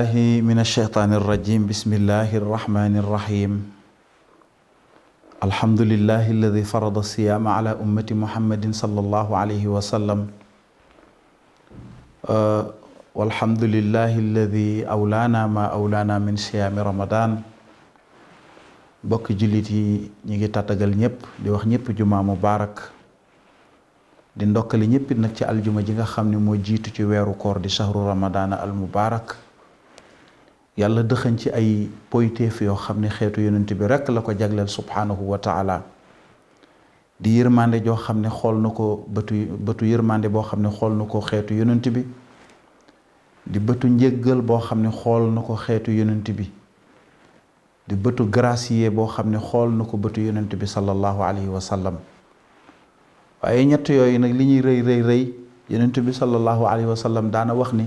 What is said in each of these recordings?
billahi min alsheytaani irrajim bismillahi irrahmani irrahim alhamdulilahi alladi farada siyaama ala ummati muhammadin sallallahu alayhi wa sallam walhamdulilahi alladi awlaana maa awlaana min siyaami ramadan bokki jullit yi ñi ngi tàttagal di wax ñëpp jumaa mubaarak di ndokkali ñëppit nag ci aljuma ji nga xam ni moo jiitu ci weeru koor shahru ramadaana al mubaarak yàlla dëxañ ci ay poyteef yoo xam ne xeetu yonent bi rekk la ko jagleel subhaanahu wa taala di yërmande joo xam ne xool na ko bëtu bëtu yërmande boo xam ne xool na ko xeetu yonent bi di bëtu njëggal boo xam ne xool na ko xeetu yonent bi di bëtu gracier boo xam ne xool na ko bëtu yonent bi sallallahu alayhi wa sallam waaye ñett yooyu nag li ñuy rëy rëy rëy yonent bi sallallahu alayhi wa sallam daana wax ni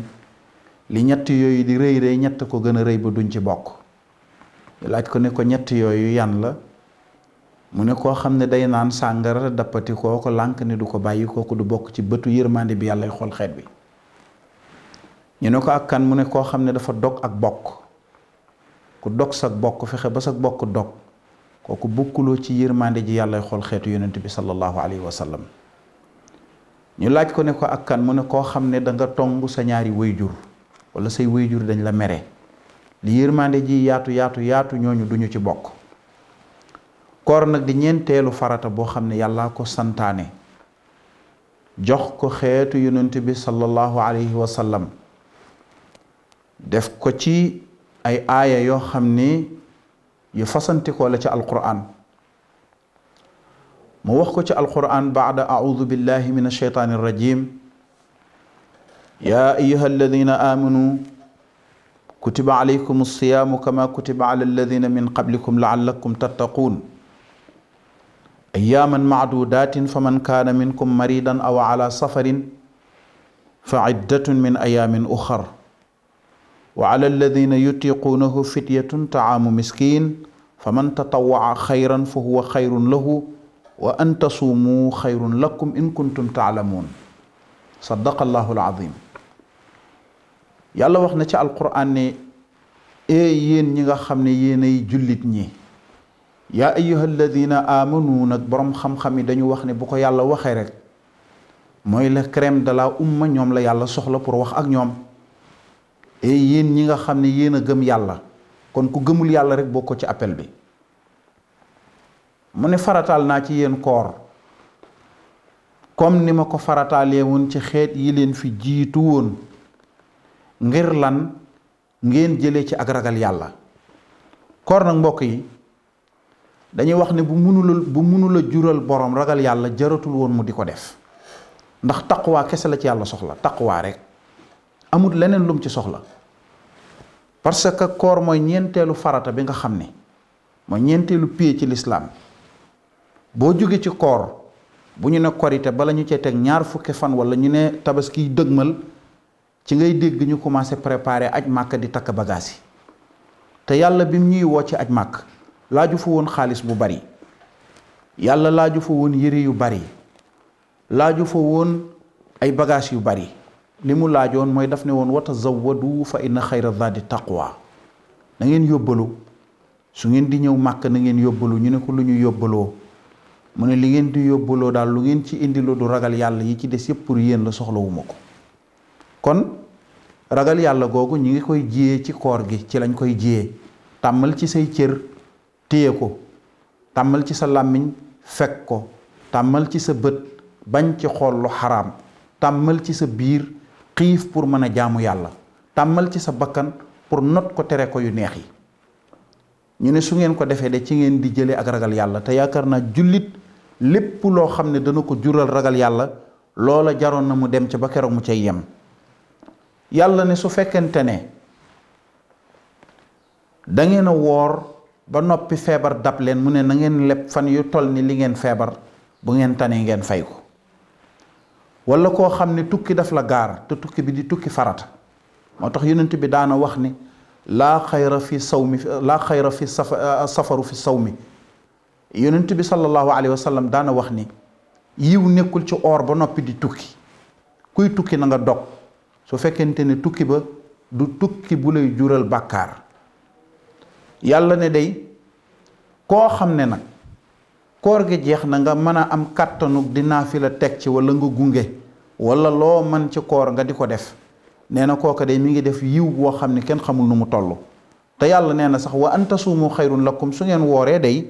li ñett yooyu di rëy rëy ñett ko gën a rëy ba duñ ci bokk laaj ko ne ko ñett yooyu yan la mu ne koo xam ne day naan sàngara dappati kooku lànk ne du ko bàyyi kooku du bokk ci bëtu yërmande bi yàllay xool xeet bi ñu ne ko ak mu ne koo xam ne dafa dog ak bokk ku dog sag bokk fexe ba sag bokk dog kooku bokkuloo ci yërmande ji yàllay xool xeetu yonent bi sallallahu alayhi wa ñu laaj ko ne ko ak kan mu ne koo xam ne da tong sa ñaari wayjur wala say wéyjur dañ la mere li yërmande ji yaatu yaatu yaatu ñooñu duñu ci bokk koor nag di ñeenteelu farata boo xam ne yàllaa ko santaane jox ko xeetu yonent bi sallallahu alayhi wa sallam def ko ci ay aaya yoo xam ni yu fasantikoo la ci alquran mu wax ko ci alquran baada audu billahi min alsheytaani arrajim يا أيها الذين آمنوا كتب عليكم الصيام كما كتب على الذين من قبلكم لعلكم تتقون أياما معدودات فمن كان منكم مريضا أو على سفر فعدة من أيام أخر وعلى الذين يطيقونه فدية طعام مسكين فمن تطوع خيرا فهو خير له وأن تصوموا خير لكم إن كنتم تعلمون صدق الله العظيم yàlla wax na ci alquran ne ee yéen ñi nga xam ne yéenay jullit ñi yaa ayyuha alladina amanu nag boroom xam-xam yi dañu wax ne bu ko yàlla waxee rek mooy la crème de la ñoom la yàlla soxla pour wax ak ñoom ee yéen ñi nga xam ne yéen a gëm yàlla kon ku gëmul yàlla rek bokk ko ci appel bi mu ne farataal naa ci yéen koor comme ni ma ko farataalee woon ci xeet yi leen fi jiitu woon ngir lan ngeen jëlee ci ak ragal yàlla koor nag mbokk yi dañuy wax ne bu munula bu munula jural boroom ragal yàlla jaratul woon mu di ko def ndax taqwa kese la ci yàlla soxla taqwa rek amut leneen lum ci soxla parce que koor mooy ñeenteelu farata bi nga xam ni mooy ñeenteelu pied ci lislaam boo jógee ci koor bu ñu ne korite bala ñu cee teg ñaar fukki fan walla ñu ne tabaski dëgmal ci ngay dégg ñu commencé préparer aj màkk di takk bagaas yi te yàlla bim ñuy woo ci aj màkk laaju fa woon xaalis bu bari yàlla laaju fa woon yére yu bari laaju fa woon ay bagage yu bari li mu laajoon mooy daf ne woon wata zawadu fa inna xayra zadi taqwa na ngeen yóbbalu su ngeen di ñëw màkk na ngeen yóbbalu ñu ne ko lu ñu yóbbaloo mu ne li ngeen di yóbbaloo daal lu ngeen ci indi lu du ragal yàlla yi ci des yëpp pour yéen la soxlawuma ko kon ragal yàlla googu ñu ngi koy jiyee ci koor gi ci lañ koy jiyee tàmbal ci say cër téye ko tàmmal ci sa làmmiñ fekk ko tàmbal ci sa bët bañ ci xool lu xaraam tàmmal ci sa biir xiif pour mën a jaamu yàlla tàmbal ci sa bakkan pour not ko tere ko yu neex yi ñu ne su ngeen ko defee de ci ngeen di jëlee ak ragal yàlla te yaakaar naa jullit lépp loo xam ne dana ko jural ragal yàlla loola jaroon na mu dem ca ba keroog mu cay yem yàlla ne su fekkente ne dangeen a woor ba noppi feebar dab leen mu ne na ngeen leb fan yu toll ni li ngeen feebar bu ngeen tanee ngeen fay ko wala koo xam ne tukki daf la gaar te tukki bi di tukki farata moo tax yonent bi daana wax ni laa xayra fi sawmi laa xayra fi safa ah, safaru fi sawmi yonent bi sallallahu alayhi wa sallam daana wax ni yiw nekkul ci oor ba noppi di tukki kuy tukki na nga dog su fekkente ne tukki ba du tukki bu lay jural bàkkaar yàlla ne day koo xam ne nag koor gi jeex na nga mën a am kàttanu dinaa fi la teg ci wala nga gunge wala loo man ci koor nga di ko def nee na kooka day mi ngi def yiw boo xam ne kenn xamul nu mu toll te yàlla nee na sax wa an mu xayrun lakum su ngeen wooree day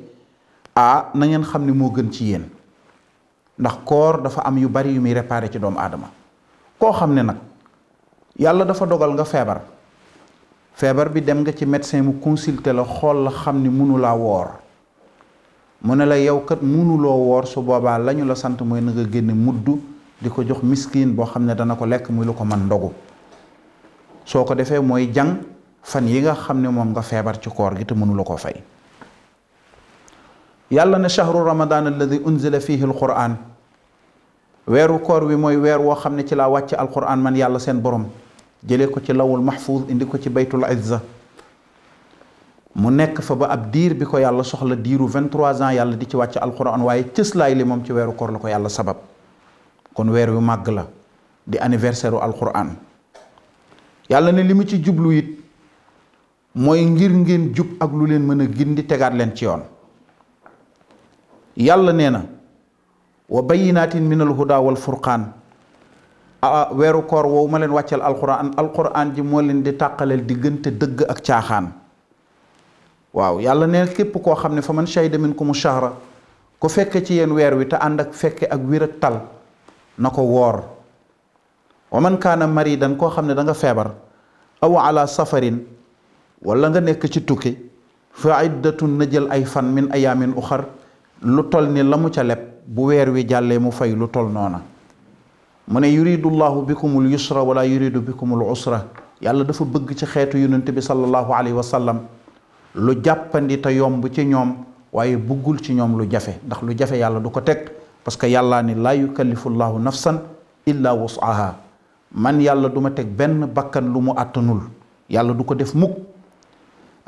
ah na ngeen xam ne moo gën ci yéen ndax koor dafa am yu bari yu muy réparé ci doomu aadama koo xam ne nag yàlla dafa dogal nga feebar feebar bi dem nga ci médecin mu consulter la xool la xam ni mënulaa woor mu ne la yow kat mënuloo woor su boobaa lañu la sant mooy nag nga génne mudd di ko jox miskin boo xam ne dana ko lekk muy lu ko man ndogu soo ko defee mooy jàng fan yi nga xam ne moom nga feebar ci koor gi te mënula koo fay yàlla ne chahru ramadan alladi unzila fihi alquran weeru koor wi mooy weer woo xam ne ci laa wàcc alquran man yàlla seen borom jëlee ko ci lawul mahfuz indi ko ci baytul izza mu nekk fa ba ab diir bi ko yàlla soxla diiru 23 ans yàlla di ci wàcc alquran waaye cëslaay li moom ci weeru koor la ko yàlla sabab kon weer yu màgg la di anniversaire u alquran yàlla ne li mu ci jublu it mooy ngir ngeen jub ak lu leen mën a gindi tegaat leen ci yoon yàlla nee na wa bayinaatin min al huda wal furqaan weeru koor woowu ma leen wàcceel alquran alquran ji moo leen di tàqaleel diggante dëgg ak caaxaan waaw yàlla ne képp koo xam ne fa man ko mu shahra ku fekke ci yéen weer wi te ànd ak fekke ak wir ak tal na ko woor wa man kaana maridan koo xam ne danga feebar aw ala safarin wala nga nekk ci tukki fa iddatun na jël ay fan min ayaamin uxar lu tol ni la mu ca leb bu weer wi jàllee mu fay lu tol noona mu ne yuridullahu bikumul yusra wala yuridu bikumul usra yàlla dafa bëgg ci xeetu yonent bi sallallahu alayhi wa sallam lu jàppandi te yomb ci ñoom waaye buggul ci ñoom lu jafe ndax lu jafe yàlla du ko teg parce que yàllaa ni laa yukallifu llahu nafsan illa wus'aha man yàlla duma teg benn bakkan lu mu àttanul yàlla du ko def mukk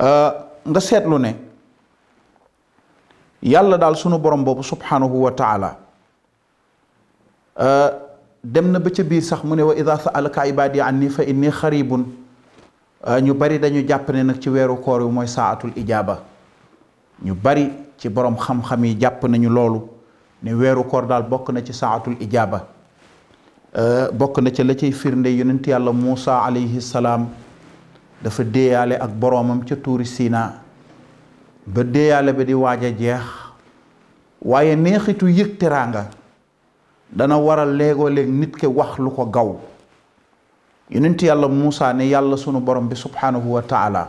euh, nga seetlu ne yàlla daal sunu borom boobu subhanahu wa dem na ba ca biir sax mu ne wa ida saalaka ibadi anni fa inni xaribun ah, ñu bari dañu jàpp ne nag ci weeru koor wi mooy saatul ijaaba ñu bari ci boroom xam-xam yi jàpp nañu loolu ne weeru koor daal bokk na ci saatul ijaaba ah, bokk na ci la cay firnde yonent yàlla Muusa alayhi salaam dafa déeyaale ak boroomam ca tuuri Sina ba déeyaale ba di waaj a jeex waaye neexitu yëg teraanga dana waral léegoo léeg nit ke wax lu ko gaw yu yonent yàlla Muusa ne yàlla sunu borom bi subhaanahu taala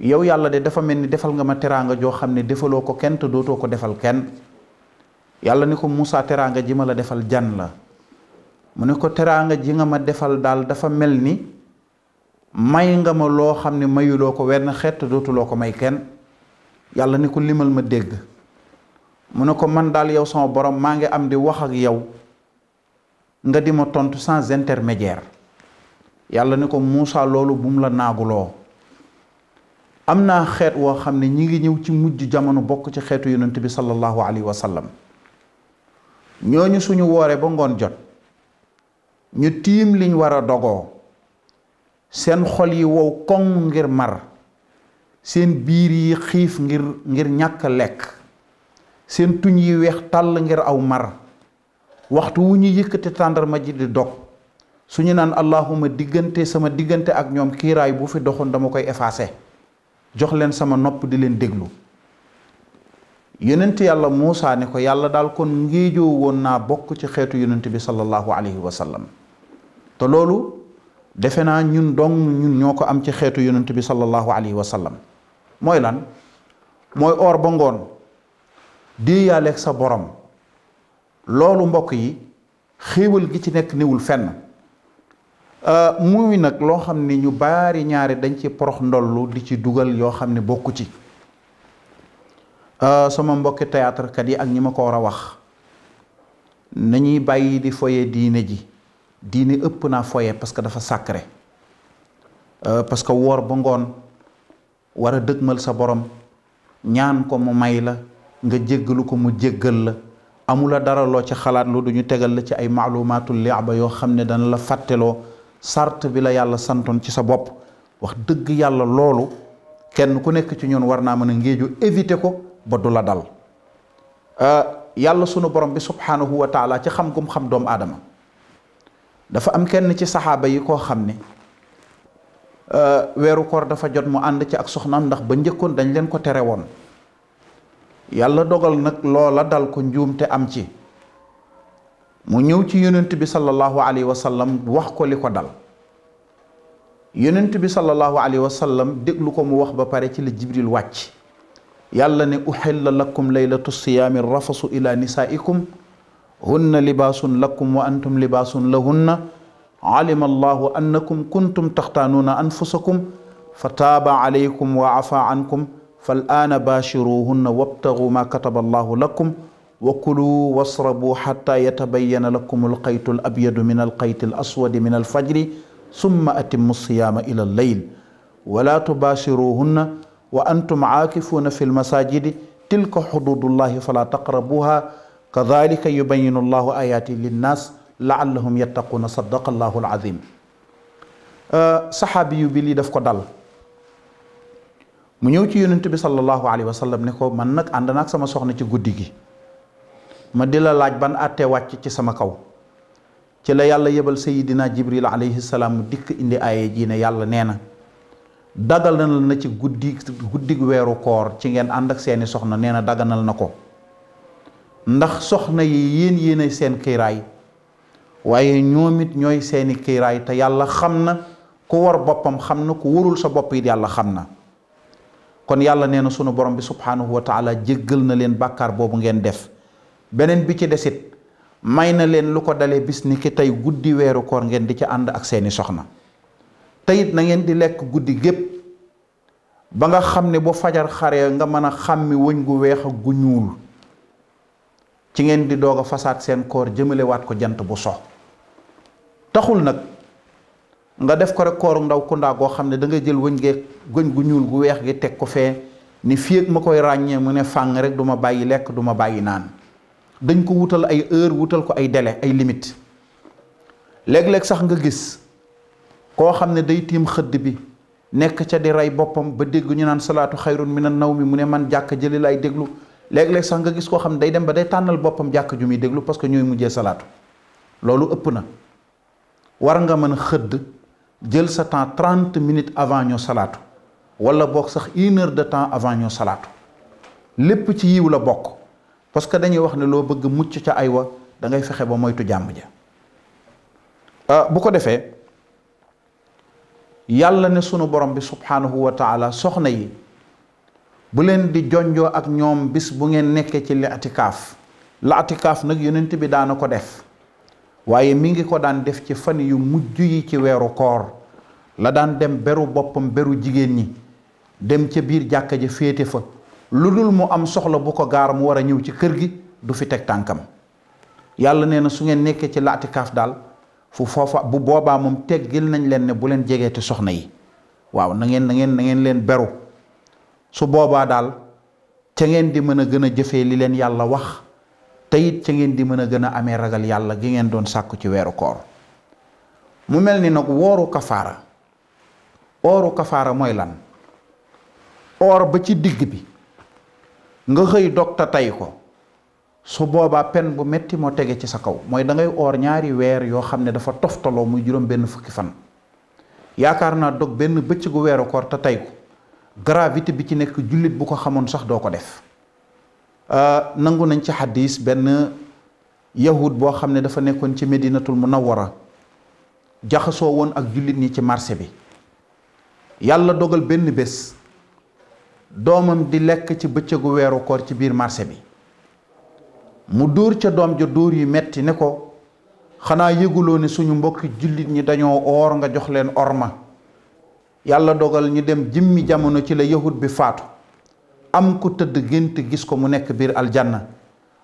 yow yàlla de dafa mel ni defal nga ma teraanga joo xam ne defaloo ko kenn te dootoo ko defal kenn yàlla ni ko Muusa teraanga ji ma la defal jan la mu ne ko teraanga ji nga ma defal daal dafa mel ni may nga loo xam ne mayuloo ko wenn xeet dootuloo ko may kenn yàlla ni ko limal ma dégg mu ne ko man daal yow sama borom maa ngi am di wax ak yow nga di ma tontu sans intermédiaire yàlla ne ko Moussa loolu bu mu la naaguloo am naa xeet woo xam ne ñi ngi ñëw ci mujj jamono bokk ci xeetu yonent bi sallallahu alayhi wa sallam ñooñu suñu woore ba ngoon jot ñu tiim liñ war a dogoo seen xol yi wow koŋ ngir mar seen biir yi xiif ngir ngir ñàkk lekk seen tuñ yi weex tàll ngir aw mar waxtu wu ñu yëkkati tàndarma ji di dog ñu naan allahuma diggante sama diggante ak ñoom kiiraay bu fi doxoon dama koy effacé jox leen sama nopp di leen déglu yonent yàlla Muusaa ne ko yàlla daal kon ngéejoo woon naa bokk ci xeetu yonent bi sallallahu alayhi wa sallam te loolu defe naa ñun dong ñun ñoo ko am ci xeetu yonent bi sallallahu alayhi wa sallam mooy lan mooy or ba ngoon déeyaale sa boroom loolu mbokk yi xéewal gi ci nekk niwul fenn euh, muy nag loo xam ni ñu baari ñaari dañ ci porox ndollu di ci dugal yoo xam ne bokku ci euh, sama mbokki théâtre kat yi ak ñi ma ko war a wax nañuy bàyyi di foye diine ji diine ëpp naa foye parce que dafa sàkkre euh, parce que woor ba ngoon war a dëgmal sa borom ñaan ko mu may la nga jéggalu ko mu jéggal la amula dara loo ci xalaat lu ñu tegal la ci ay maalumatul liaba yoo xam ne dana la fàtteeloo sart bi la yàlla santoon ci sa bopp wax dëgg yàlla loolu kenn ku nekk ci ñun war naa mën a ngéeju éviter ko ba la dal euh, yàlla sunu borom bi subhaanahu wa taala ci xam gum xam doomu aadama dafa am kenn ci saxaaba yi koo xam ne euh, weeru koor dafa jot mu ànd ci ak soxnaam ndax ba njëkkoon dañ leen ko tere woon yàlla dogal nag loola dal ko njuumte am ci mu ñëw ci yonent bi sallallahu alayhi wa sallam wax ko li ko dal yonent bi sallallahu alayhi wa sallam déglu ko mu wax ba pare ci la jibril wàcc yàlla ne uhilla lakum laylatu siyaami rafasu ila nisaaikum hunna libaasun lakum wa antum libaasun lahunna alima allahu annakum kuntum taxtaanuuna anfusakum fa taaba alaykum wa afa ankum fal aana baachiruhunna wabtagu ma kataba allahu lakum wa kuluu wasrabuu xataa yatabayana lakum alqaytu al abyadu min alqayti al aswadi min alfajri summa atimmu siyaama ila alleyl wala tubaashiruhunna wa antum caakifuuna fi lmasaajidi tilka xuduudullahi falaa taqrabuha kadalika yubayinu allahu ayaati linnaas laallahum yattaquuna sadaqa allahu alazim saxaabi yu bi lii daf ko dal mu ñëw ci yonent bi sallallahu alayhi wa sallam ne ko man nag ànd naag sama soxna ci guddi gi ma di la laaj ban àtte wàcc ci sama kaw ci la yàlla yebal sayidina jibril alayhi salaam mu dikk indi aaye jii ne yàlla nee na daganal na ci guddi guddig weeru koor ci ngeen ànd ak seeni soxna nee na daganal na ko ndax soxna yi yéen yéenay seen kiiraay waaye ñoom it ñooy seeni kiiraay te yàlla xam na ku war boppam xam na ku warul sa bopp it yàlla xam na kon yàlla nee na sunu borom bi subhaanahu wa taala jéggal na leen bàkkaar boobu ngeen def beneen bi ci desit may na leen lu ko dalee bis ni ki tey guddi weeru koor ngeen di ci ànd ak seeni soxna teyit na ngeen di lekk guddi gépp ba nga xam ne bu fajar xare nga mën a xàmmi wëñ gu weex ak gu ñuul ci ngeen di doog a fasaat seen koor jëmalewaat ko jant bu so taxul nag nga def ko rek kooru ndaw kundaa goo xam ne da nga jël wëñ gee gëñ gu ñuul gu weex gi teg ko fee ni fi ak ma koy ràññee mu ne fàng rek du ma bàyyi lekk du ma bàyyi naan dañ ko wutal ay heure wutal ko ay dele ay limite léeg-léeg sax nga gis koo xam ne day tiim xëdd bi nekk ca di rey boppam ba dégg ñu naan salaatu xayrun mina naw mi mu ne man jàkk jëli laay déglu léeg-léeg sax nga gis koo xam ne day dem ba day tànnal boppam jàkk ju muy déglu parce que ñooy mujjee salaatu loolu ëpp na war nga mën a xëdd jël sa temps trente minutes avant ñoo salaatu wala boog sax une de temps avant ñoo salaatu lépp ci yiw la bokk parce que dañuy wax ne loo bëgg mucc ca aywa da ngay fexe ba moytu jàmm ja ah, bu ko defee yàlla ne sunu borom bi subhaanahu wa taala soxna yi bu leen di jonjoo ak ñoom bis bu ngeen nekkee ci li'tikaaf li'tikaaf nag yonent bi daana ko def waaye mi ngi ko daan def ci fan yu mujj yi ci weeru koor la daan dem beru boppam beru jigéen ñi dem ca biir jàkka ja féete fa lu dul mu am soxla bu ko gaar mu war a ñëw ci kër gi du fi teg tànkam yàlla nee na su ngeen nekkee ci laatikaaf daal fu foofa bu boobaa moom teg teggil nañ leen ne bu leen jegeete soxna yi waaw na ngeen na ngeen na leen beru su boobaa daal ca ngeen di mën a gën a jëfe li leen yàlla wax te it ca ngeen di mën a gën a amee ragal yàlla gi ngeen doon sàkku ci weeru koor mu mel ni nag wooru kafaara ooru kafaara mooy lan oor ba ci digg bi nga xëy dog ta tey ko su boobaa pen bu metti moo tege ci sa kaw mooy dangay ngay oor ñaari weer yoo xam ne dafa toftaloo muy juróom benn fukki fan yaakaar naa dog benn bëccëgu weeru koor te tey ko gravité bi ci nekk jullit bu ko xamoon sax doo ko def Euh, nangu nañ ci xaddis benn yahud boo xam ne dafa nekkoon ci medinatul munawwara jaxasoo woon ak jullit ñi ci marché bi yàlla dogal benn bés doomam di lekk ci bëccëgu weeru koor ci biir marché bi mu dóor ca doom ja dóor yi metti ne ko xanaa yëguloo ne suñu mbokki jullit ñi dañoo oor nga jox leen orma yàlla dogal ñu dem jimmi jamono ci la yahud bi faatu am ko tëdd gént gis ko mu nekk biir aljanna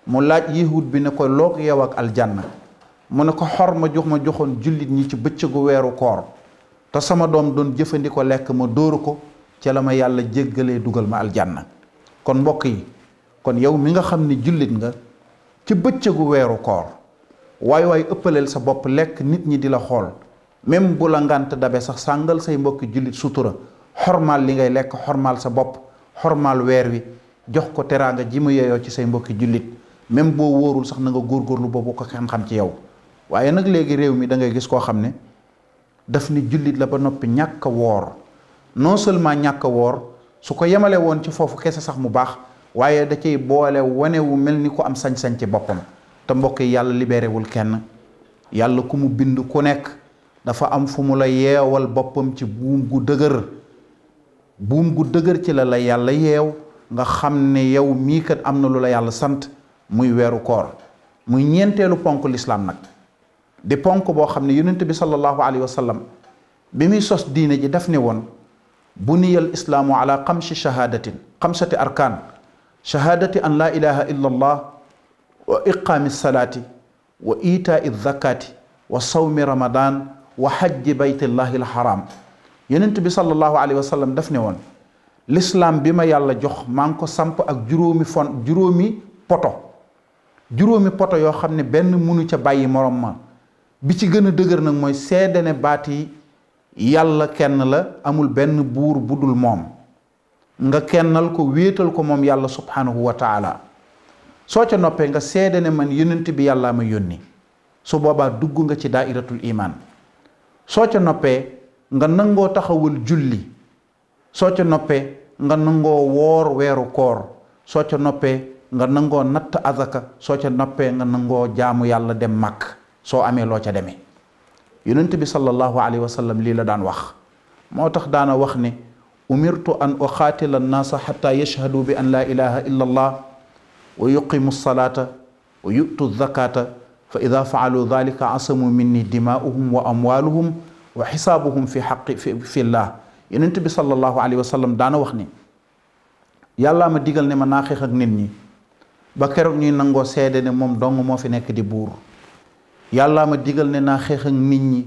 mu laaj yahud bi ne ko loog yow ak aljanna mu ne ko xor ma jox ma joxoon jullit ñi ci bëccëgu weeru koor te sama doom doon jëfandikoo lekk ma dóoru ko ca la ma yàlla jéggalee dugal ma aljanna kon mbokk yi kon yow mi nga xam ni jullit nga ci bëccëgu weeru koor waaye waay ëppaleel sa bopp lekk nit ñi di la xool même bu la ngànt dabe sax sàngal say mbokki jullit sutura xormaal li ngay lekk xormaal sa bopp xormaal weer wi jox ko teraanga ji mu yeyoo ci say mbokki jullit même boo wóorul sax na nga góorgóorlu boobu ko xam-xam ci yow waaye nag léegi réew mi dangay gis koo xam ne daf ne jullit la ba noppi ñàkk woor noo seulement ñàkk woor su ko yemale woon ci foofu kese sax mu baax waaye da cay boole wane wu mel ni ku am sañ-sañ ci boppam te mbokk yi yàlla libéré wul kenn yàlla ku mu bind ku nekk dafa am fu mu la yeewal boppam ci buum gu dëgër buum gu dëgër ci la la yàlla yeew nga xam ne yow mii kat am na lu la yàlla sant muy weeru koor muy ñeenteelu ponk lislaam nag di ponk boo xam ne yonent bi sallallahu alayhi wa sallam bi muy sos diine ji daf ne woon buniyal islaamu ala xamsi xam xamsati arkaan shahaadati an laa ilaha illa allah wa iqaami salaati wa iitaai zakaati wa sawmi ramadan wa xajji baytillahi alxaram yonent bi sallallahu alayhi wa sallam daf ne woon lislaam bi ma yàlla jox maa ngi ko samp ak juróomi fon juróomi poto juróomi poto yoo xam ne benn munu ca bàyyi moroom ma bi ci gën a dëgër nag mooy seede ne baat yi yàlla kenn la amul benn buur bu dul moom nga kennal ko wéetal ko moom yàlla subhanahu wa taala soo ca noppee nga seede ne man yonent bi yàlla ma yónni su boobaa dugg nga ci daairatul imaan soo ca noppee nga nangoo taxawul julli soo ca noppee nga nangoo woor weeru koor soo ca noppee nga nangoo natt azaka soo ca noppee nga nangoo jaamu yàlla dem màkk soo amee loo ca demee yonent bi sallallahu alayhi wa sallam lii la daan wax moo tax daana wax ne umirtu an uqaatila annaasa xata yashhadu bi an laa ilaha illa allah wa yuqimu salaata wa yu'tu zakata fa ida faalu dalika asamu minni dima'uhum wa amwaluhum wa xisaabuhum fi xaqi fi fillah yonent bi sallallahu alayhi wa daana wax ni yàlla ma digal ne ma naa xeex ak nit ñi ba keroog ñuy nangoo seede ne moom dong moo fi nekk di buur yàlla ma digal ne naa xeex nit ñi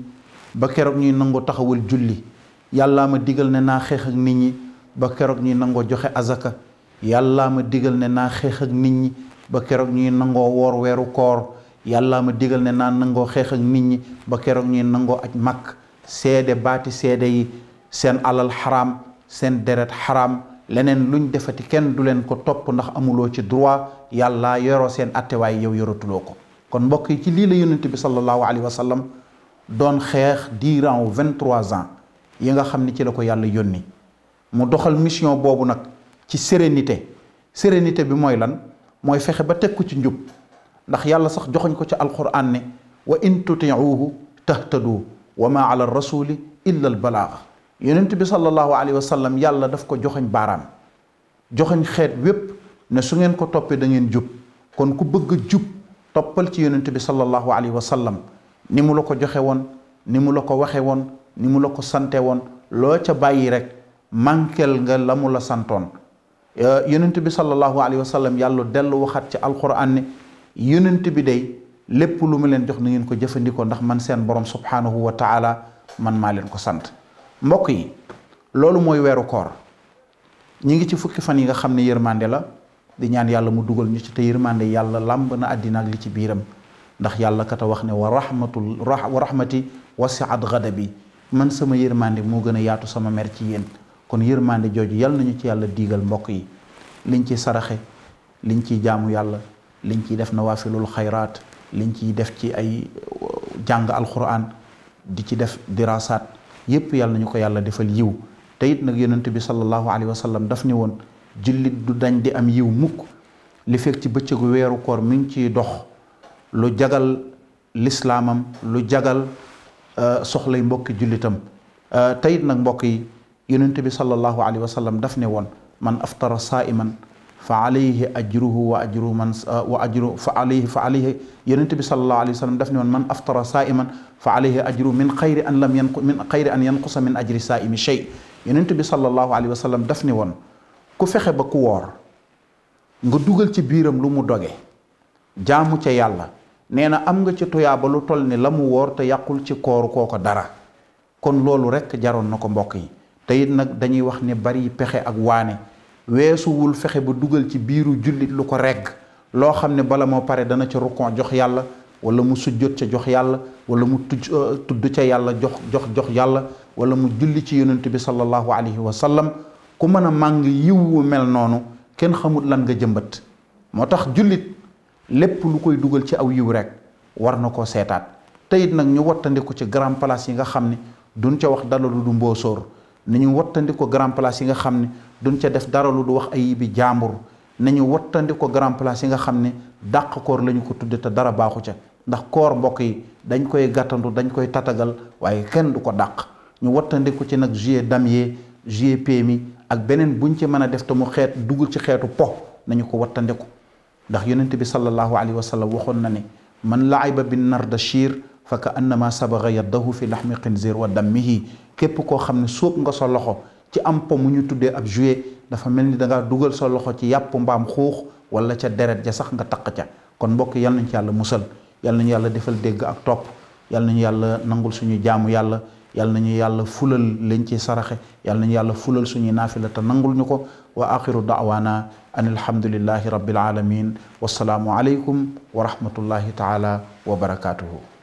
ba keroog ñuy nangoo taxawal julli yàllaa ma digal ne naa xeex nit ñi ba keroog ñuy nangoo joxe azaka yàllaa ma digal ne naa xeex nit ñi ba keroog nangoo woor weeru koor yàllaa ma digal ne naa nangoo xeex nit ñi ba keroog ñuy nangoo aj màkk seede baati seede yi seen alal xaraam seen deret xaraam leneen luñ defati kenn du leen ko topp ndax amuloo ci droit yàlla yoroo seen attewaay yow yoratuloo ko kon mbokk yi ci lii la yonent bi sallallahu alayhi wa sallam doon xeex diiran wu vingt trois ans yi nga xam ni ci la ko yàlla yónni mu doxal mission boobu nag ci sérénité sérénité bi mooy lan mooy fexe ba teg ko ci njub ndax yàlla sax joxoñ ko ci alquran ne wa in tutiuhu tahtadu wa ma ala rasuli illa al balaaga yonent bi sallallahu alayhi wa sallam yàlla daf ko joxañ baaraam joxañ xeet wépp ne su ngeen ko toppee da ngeen jub kon ku bëgg jub toppal ci yonent bi sallallahu alayhi wa sallam ni mu la ko joxe woon ni mu la ko waxe woon ni mu la ko sante woon loo ca bàyyi rek mankel nga la mu la santoon yonent bi sallallahu alayhi wa sallam yàlla dellu waxaat ci alquran ne yonent bi day lépp lu ma leen jox na ngeen ko jëfandikoo ndax man seen borom subhanahu wa taala man maa leen ko sant mbokk yi loolu mooy weeru koor ñi ngi ci fukki fan yi nga xam ne yërmande la di ñaan yàlla mu dugal ñu ci te yërmande yàlla làmb na àddina ak li ci biiram ndax yàlla kat a wax ne wa rahmatul wa rahmati wasiat gadabi man sama yërmande moo gën a yaatu sama mer ci yéen kon yërmande jooju yal nañu ci yàlla diigal mbokk yi liñ ci saraxe liñ ciy jaamu yàlla liñ ciy def nawaafilul xayraat liñ ciy def ci ay jàng alxuraan di ci def dirasaat yépp yàlla nañu ko yàlla defal yiw te it nag yonent bi sallallahu alayhi wa sallam daf ni woon jullit du dañ di am yiw mukk li fekk ci bëccëgu weeru koor mi ngi ciy dox lu jagal lislaamam lu jagal euh, soxlay mbokki jullitam euh, te nag mbokk yi yonent bi sallallahu alayhi wa sallam daf ne woon man aftara saiman fa alayhi ajruhu wa ajru man wa ajru fa alayhi fa alayhi yonent bi sallallahu alayhi wa sallam daf ne woon man aftara saa'iman fa alayhi ajru min xayri an lam yanqu min xayri an yanqusa min ajri saa'imi shay yonent bi sallallahu alayhi wa sallam daf ne woon ku fexe ba ku woor nga dugal ci biiram lu mu doge jaamu ca yàlla nee na am nga ci tuyaaba lu tol ni la mu woor te yàqul ci kooru kooko dara kon loolu rekk jaroon na ko mbokk yi te it nag dañuy wax ne bari pexe ak waane weesuwul fexe bu dugal ci biiru jullit lu ko rekk loo xam ne bala moo pare dana ca rukkon jox yàlla wala mu sujjot ca jox yàlla wala mu tuj euh, tudd ca yàlla jox jox jox yàlla wala mu julli ci yonent bi sallallahu alayhi wa sallam ku mën a màng yiw wu mel noonu kenn xamul lan nga jëmbat moo tax jullit lépp lu koy dugal ci aw yiw rek war na koo seetaat te it nag ñu wattandiku ci grand palace yi nga xam ni duñ ca wax dalalu du mboosóor ni ñu wattandiku grand place yi nga xam ni duñ ca def dara lu du wax ay bi jaambur nañu wattandi ko grand place yi nga xam ne dàq koor lañu ko tudde te dara baaxu ca ndax koor mbokk yi dañ koy gàttandu dañ koy tatagal waaye kenn du ko dàq ñu wattandiku ci nag juillet damier juillet PMI ak beneen buñ ci mën a def te mu xeet dugg ci xeetu po nañu ko wattandiku ndax yeneen yonent bi sallallahu alayhi wa sallam waxoon na ne man laayba bin nardashir fa ka annama sabaga yaddahu fi laxmi xinzir wa dammihi képp koo xam ne suub nga sa loxo ci am po mu ñu tuddee ab juillet dafa mel ni danga dugal sa loxo ci yàpp mbaam xuux wala ca deret ja sax nga taq ca kon mbokk yal nañ ci yàlla musal yal nañu yàlla defal dégg ak topp yal nañu yàlla nangul suñu jaamu yàlla yal nañu yàlla fulal liñ ci saraxe yal nañu yàlla fulal suñuy naafila te nangul ñu ko wa axiru daawaana an alhamdulillahi rabbil alamin wasalaamu aleykum wa rahmatullahi taala wa barakaatuhu